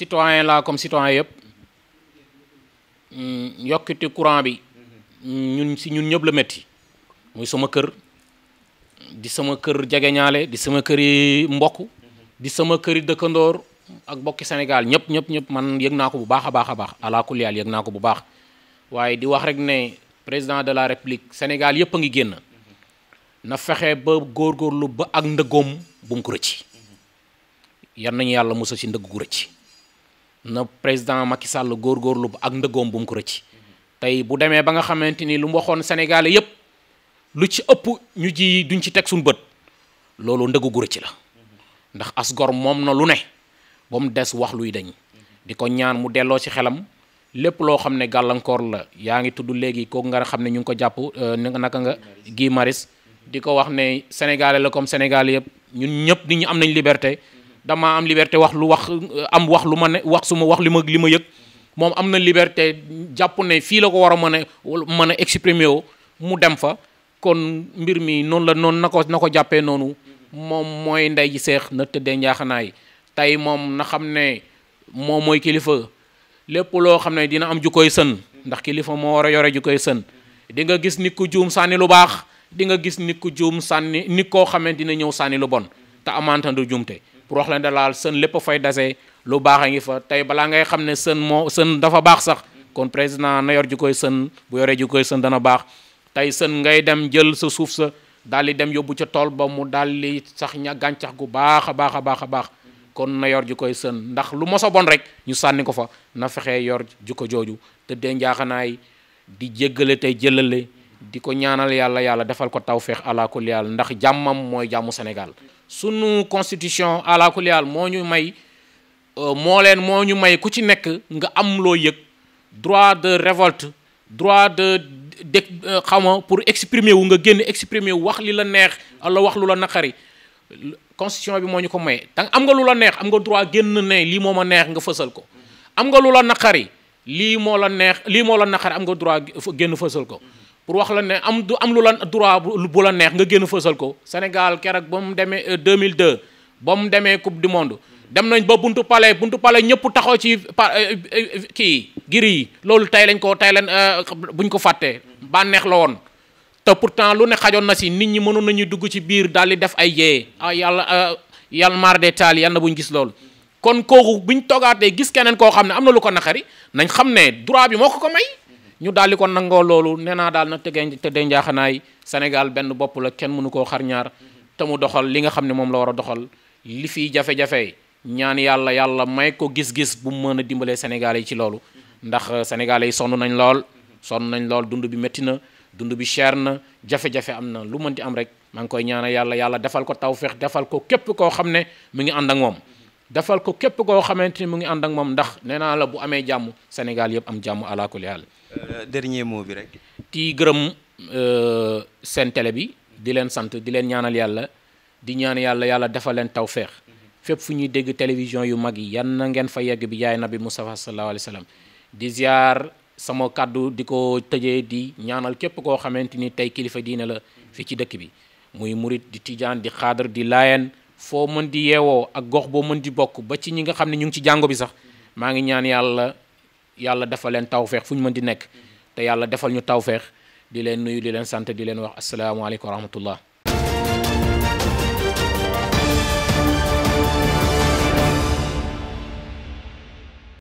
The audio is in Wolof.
citoyen la comme citoyen yëpp mm, yokkiti courant bi ñun si ñun ñep la metti muy sama kër di sama kër jegeñaale di sama kër mbokk di sama kër dekkandor ak bokki Sénégal ñep ñep ñep man yëg ko bu baaxa baaxa baax ala kulli yàlla yëg ko bu baax waye di wax rek ne président de la république Sénégal yep a ngi génn na fexé ba lu ba ak ndegom bu mu ko rëcc yan nañu yàlla musal si ndëgg gu rëcc na président Macky Sall lu ak ndegom bu mu ko rëcc tey bu démé ba nga xamanteni lu mu waxoon sénégalais yépp lu ci ëpp ñu ji duñ ci tek suñu bëtt loolu ndegu gu rëcc la ndax asgor mom na lu né ba mu des wax luy dañ di ñaan mu délo ci xélam lépp lo xamné ne la yaangi tuddu légui ko nga xamné ne ñu ko japp euh, naka nga gi maris di wax ne sénégalais la comme sénégalais yépp ñun ñëpp nit ñi am nañ liberté dama am liberté wax lu wax euh, am wax lu ma ne wax su ma wax li ma li ma yëg moom am na liberté jàpp ne fii la ko war a mën a mën a exprimer woo mu dem fa kon mbir mi noonu la noonu na ko na ko jàppee noonu moom mooy ndey ji seex na tëddee njaaxanaay tey moom na xam ne moom mooy kilifa lépp loo xam ne dina am ju koy sën ndax kilifa moo war a yore koy sën di nga gis nit ku juum sànni lu baax di nga gis nit ku juum sànni nit koo xamante dina ñëw sànni lu bon te amantan pour wax leen laal sën lépp fay dase lu baax a ngi fa tey balaa ngay xam ne sën moo sën dafa baax sax kon président na yor ji koy sën bu yoree ji koy sën dana baax tey sën ngay dem jël sa suuf sa daal di dem yóbbu ca tool ba mu daal di sax ña gàncax gu baax a baax a baax a baax kon na yor ji koy sën ndax lu mosa bon rek ñu sànni ko fa na fexe yor ji ko jooju te dee njaaxanaay di jéggale tey jëlale di ko ñaanal yàlla yàlla defal ko tawféex ala kulli yàlla ndax jàmmam mooy jàmmu Sénégal sunu constitution ala kulial moñu may euh, mo len moñu may ku ci nek nga am lo yek droit de révolte droit de euh, xama pour exprimer wu nga genn exprimer wax li la neex ala wax lu la nakari constitution bi moñu ko may tang am nga lu la neex am nga droit genn ne li moma neex nga fësal ko am nga lu la naqari li mo la neex li mo la naqari am nga droit genn fësal ko pour wax la ne am du am lu la droit bu la neex nga génn fësal ko Sénégal keroog ba mu demee 2002 euh, ba démé coupe du monde dem nañ ba buntu palais buntu palais ñepp taxaw ci euh, euh, ki giri yi tay lañ ko tay lañ buñ ko faté fàttee bànneex la won te pourtant lu ne xajon na ci nit ñi mënon nañu dugg ci biir dal di def ay yé ah yàlla yàlla maar de taal yàlla na buñ gis loolu. kon kooku buñ toogaatee gis kenen ko xamné amna lu ko naxari nañ xamné droit bi moko ko may. ñu daal di ko nangoo loolu nee naa daal nag tëgee tëddee njaaxanaay Sénégal benn bopp la kenn mënu koo xarñaar te mu doxal li nga xam ne moom la war a doxal li fi jafe-jafe ñaan yàlla yàlla may ko gis-gis bu mu mën a dimbalee Sénégalais yi ci loolu ndax euh, Sénégalais yi sonn nañ lool sonn nañ lool dund bi métti na dund bi cher na jafe-jafe am na lu mënti am rek maa ngi koy ñaanal yàlla yàlla defal ko tawféex defal ko képp koo xam ne mu ngi ànd ak moom defal ko képp koo xamante ni mu ngi ànd ak moom ndax nee naa la bu amee jàmm Sénégal yëpp am jàmm ala kulli haal. Euh, dernier mot bi rek. di gërëm euh, seen télé bi di leen sant di leen ñaanal yàlla di ñaan yàlla yàlla defal leen tawféex fépp fu ñuy dégg télévision yu mag yi yan na ngeen fa yegg bi yaay nabi Mustafa sallallahu alayhi wa sallam di ziar sama kàddu di ko tëjee di ñaanal képp koo xamante ni tey kilifa diine la fi ci dëkk bi muy murit di tijaan di xaadar foo mën di yeewoo ak gox boo mën di bokk ba ci ñi nga xam ne ñu ngi ci jàngo bi sax maa ngi ñaan yàlla yàlla defal leen tawfeex fu ñu mën di nekk te yàlla defal ñu tawfeex di leen nuyu di leen sant di leen wax asalaamaaleykum wa rahmatullah